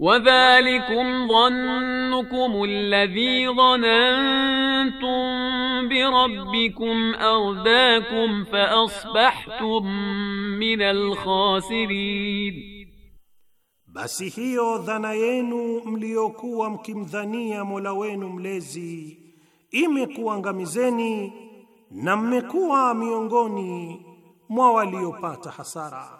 وذلكم ظنكم الذي ظننتم بربكم أرداكم فأصبحتم من الخاسرين Basi hiyo dhana yenu mliyokuwa mkimdhania Mola wenu mlezi imekuangamizeni na mmekuwa miongoni mwa waliopata hasara.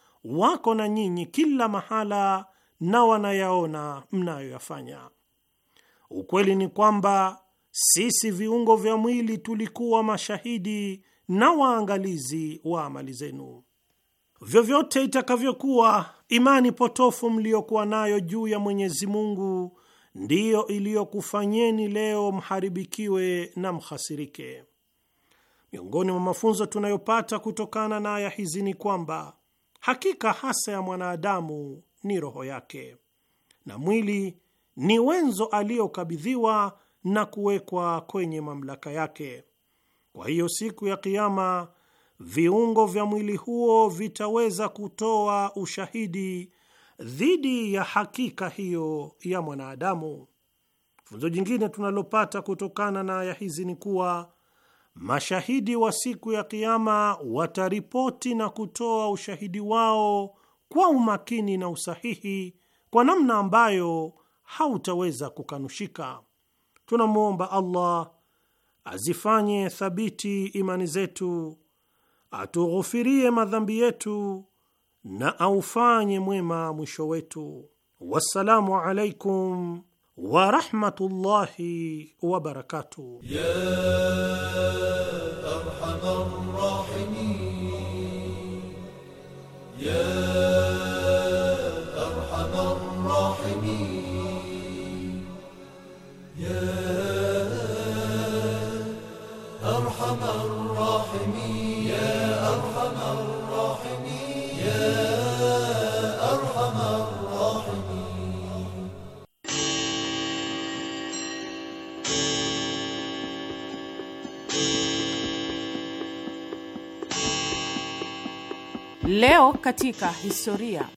wako na nyinyi kila mahala na wanayaona mnayoyafanya. Ukweli ni kwamba sisi viungo vya mwili tulikuwa mashahidi na waangalizi wa amali zenu. Vyovyote itakavyokuwa imani potofu mliyokuwa nayo juu ya Mwenyezi Mungu ndiyo iliyokufanyeni leo mharibikiwe na mhasirike. Miongoni mwa mafunzo tunayopata kutokana na aya hizi ni kwamba hakika hasa ya mwanadamu ni roho yake, na mwili ni wenzo aliyokabidhiwa na kuwekwa kwenye mamlaka yake. Kwa hiyo siku ya Kiama viungo vya mwili huo vitaweza kutoa ushahidi dhidi ya hakika hiyo ya mwanadamu. Funzo jingine tunalopata kutokana na aya hizi ni kuwa mashahidi wa siku ya Kiama wataripoti na kutoa ushahidi wao kwa umakini na usahihi kwa namna ambayo hautaweza kukanushika. Tunamwomba Allah azifanye thabiti imani zetu, atughufirie madhambi yetu na aufanye mwema mwisho wetu. Wassalamu alaikum ورحمة الله وبركاته يا أرحم الراحمين يا Leo katika historia.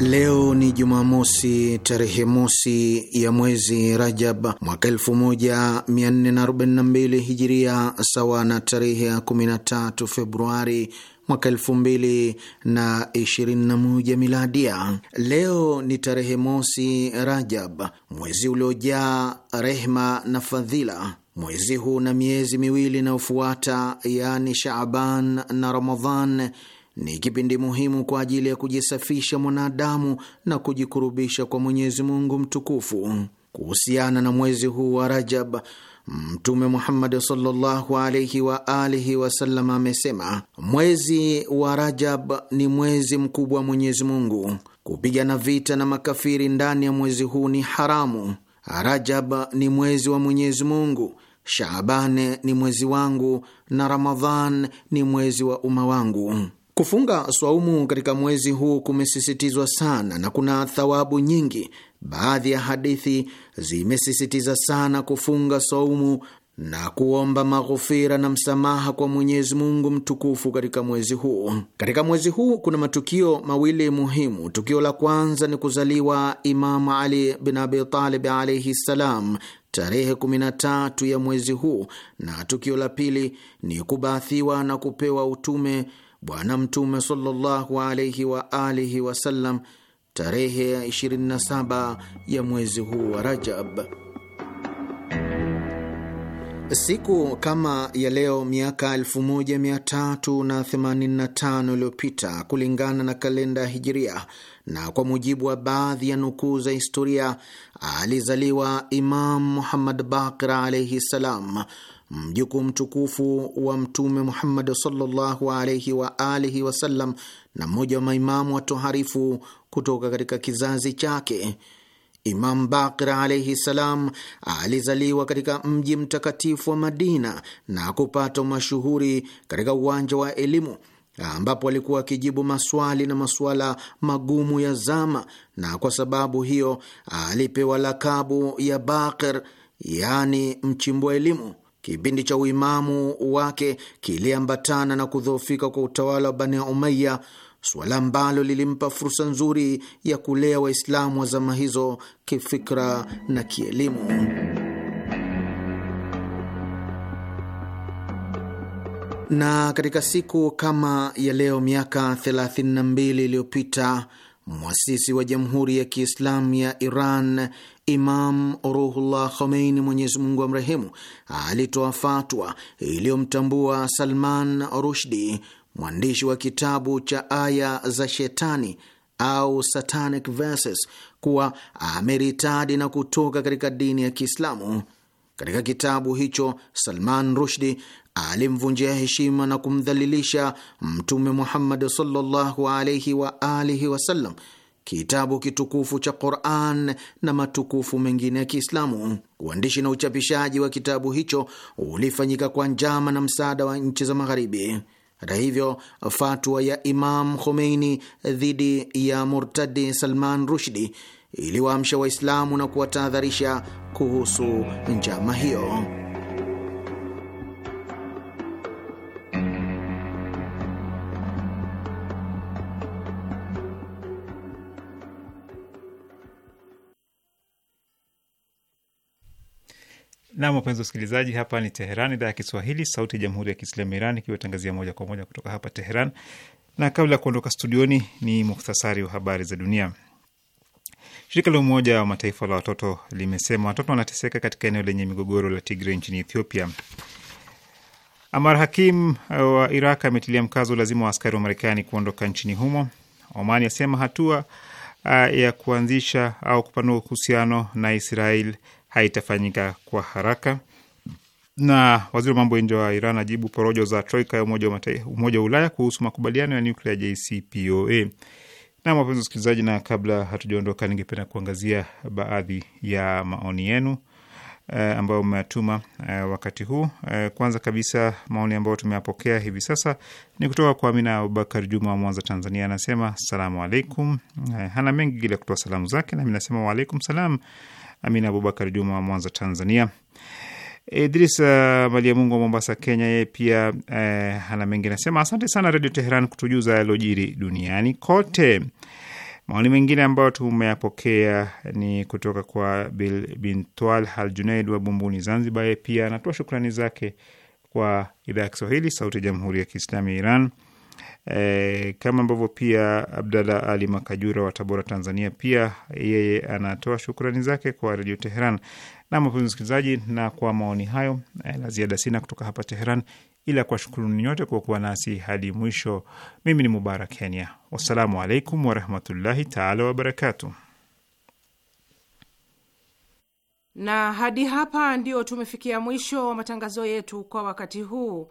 Leo ni Jumamosi, tarehe mosi ya mwezi Rajab mwaka 1442 Hijiria, sawa na tarehe ya 13 Februari mwaka elfu mbili na ishirini na moja miladia. Leo ni tarehe mosi Rajab, mwezi uliojaa rehma na fadhila Mwezi huu na miezi miwili inayofuata, yani Shaaban na Ramadhan, ni kipindi muhimu kwa ajili ya kujisafisha mwanadamu na kujikurubisha kwa Mwenyezi Mungu Mtukufu. Kuhusiana na mwezi huu wa Rajab, Mtume Muhammadi sallallahu alaihi wa alihi wasallam amesema, mwezi wa Rajab ni mwezi mkubwa wa Mwenyezi Mungu. Kupigana vita na makafiri ndani ya mwezi huu ni haramu. Rajab ni mwezi wa Mwenyezi Mungu Shaabane ni mwezi wangu na Ramadhan ni mwezi wa umma wangu. Kufunga swaumu katika mwezi huu kumesisitizwa sana na kuna thawabu nyingi. Baadhi ya hadithi zimesisitiza sana kufunga swaumu na kuomba maghufira na msamaha kwa Mwenyezi Mungu mtukufu katika mwezi huu. Katika mwezi huu kuna matukio mawili muhimu. Tukio la kwanza ni kuzaliwa Imamu Ali bin Abi Talib alaihi ssalam, tarehe 13 ya mwezi huu, na tukio la pili ni kubaathiwa na kupewa utume Bwana Mtume sallallahu alaihi wa alihi wasallam tarehe 27 ya mwezi huu wa Rajab. Siku kama ya leo miaka 1385 iliyopita kulingana na kalenda Hijiria, na kwa mujibu wa baadhi ya nukuu za historia, alizaliwa Imam Muhammad Baqir alaihi ssalam, mjukuu mtukufu wa Mtume Muhammad sallallahu alaihi wa alihi wasallam na mmoja wa maimamu watoharifu kutoka katika kizazi chake. Imam Bakir alaihi salam alizaliwa katika mji mtakatifu wa Madina na kupata mashuhuri katika uwanja wa elimu ambapo alikuwa akijibu maswali na masuala magumu ya zama, na kwa sababu hiyo alipewa lakabu ya yani yaani mchimbwa elimu. Kipindi cha uimamu wake kiliambatana na kudhoofika kwa utawala wa Bani Umaya suala ambalo lilimpa fursa nzuri ya kulea Waislamu wa zama hizo kifikra na kielimu. Na katika siku kama ya leo miaka 32 iliyopita mwasisi wa Jamhuri ya Kiislamu ya Iran Imam Ruhullah Khomeini, Mwenyezi Mungu amrehemu, alitoa fatwa iliyomtambua Salman Rushdi mwandishi wa kitabu cha Aya za Shetani au Satanic Verses kuwa ameritadi na kutoka katika dini ya Kiislamu. Katika kitabu hicho Salman Rushdi alimvunjia heshima na kumdhalilisha Mtume Muhammad sallallahu alaihi wa alihi wasallam, kitabu kitukufu cha Quran na matukufu mengine ya Kiislamu. Uandishi na uchapishaji wa kitabu hicho ulifanyika kwa njama na msaada wa nchi za Magharibi. Hata hivyo, fatwa ya Imam Khomeini dhidi ya murtadi Salman Rushdi iliwaamsha Waislamu na kuwatahadharisha kuhusu njama hiyo. Nam, wapenzi wasikilizaji, hapa ni Teheran, idhaa ya Kiswahili, sauti ya jamhuri ya kiislamu Iran ikiwatangazia moja kwa moja kutoka hapa Teheran. Na kabla ya kuondoka studioni, ni muhtasari wa habari za dunia. Shirika la Umoja wa Mataifa la watoto limesema watoto wanateseka katika eneo lenye migogoro la Tigre nchini Ethiopia. Amar Hakim uh, wa Iraq ametilia mkazo lazima wa askari wa Marekani kuondoka nchini humo. Omani asema hatua uh, ya kuanzisha au kupanua uhusiano na Israel haitafanyika kwa haraka. Na waziri wa mambo ya nje wa Iran ajibu porojo za troika ya Umoja wa Umoja wa Ulaya kuhusu makubaliano ya nuklia JCPOA. Na wapenzi wasikilizaji, na kabla hatujaondoka, ningependa kuangazia baadhi ya maoni yenu eh, ambayo mmeatuma eh, wakati huu eh. Kwanza kabisa maoni ambayo tumeyapokea hivi sasa ni kutoka kwa Amina Abubakar Juma wa Mwanza, Tanzania. Anasema salamu alaikum. Eh, hana mengi ila kutoa salamu zake, nami nasema waalaikum salam Amina Abubakar Juma, Mwanza, Tanzania. Idris uh, Maliamungu wa Mombasa, Kenya, yeye pia uh, ana mengi anasema, asante sana radio Teheran kutujuza yalojiri duniani kote. Maoni mengine ambayo tumeyapokea ni kutoka kwa Bil Bintwal Hal Junaid wa Bumbuni, Zanzibar. Yeye pia anatoa shukrani zake kwa idhaa ya Kiswahili, Sauti ya Jamhuri ya Kiislamu ya Iran E, kama ambavyo pia Abdalla Ali Makajura wa Tabora, Tanzania, pia yeye anatoa shukrani zake kwa Redio Teheran. Na mpenzi msikilizaji, na kwa maoni hayo e, la ziada sina kutoka hapa Teheran, ila kwa shukuruni nyote kwa kuwa nasi hadi mwisho. Mimi ni Mubarak Kenya, wassalamu alaikum warahmatullahi taala wabarakatu. Na hadi hapa ndio tumefikia mwisho wa matangazo yetu kwa wakati huu.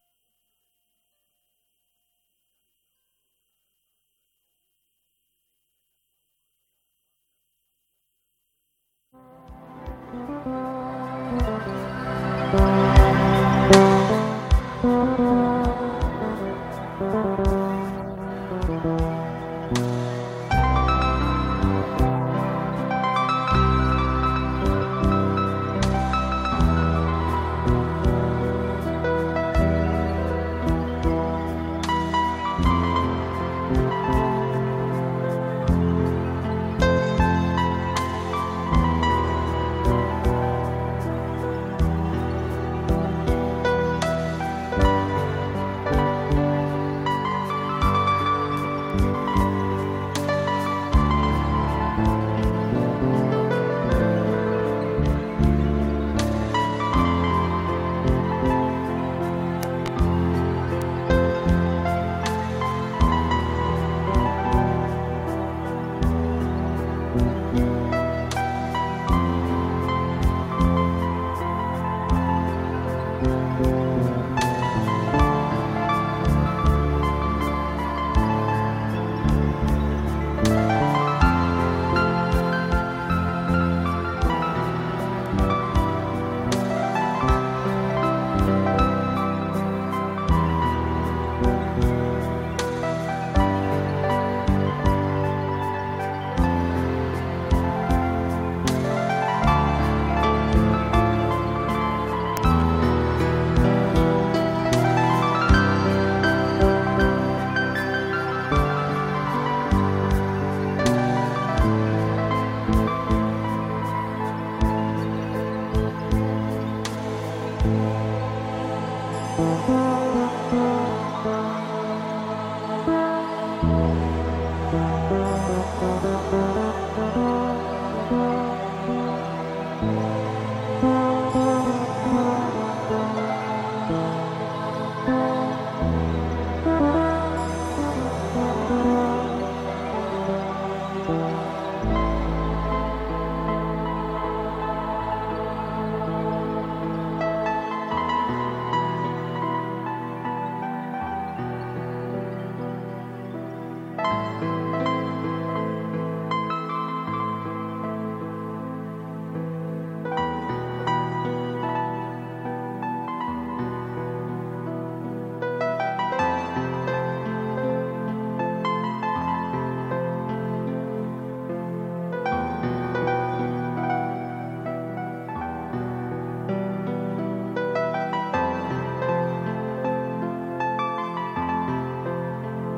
Thank you.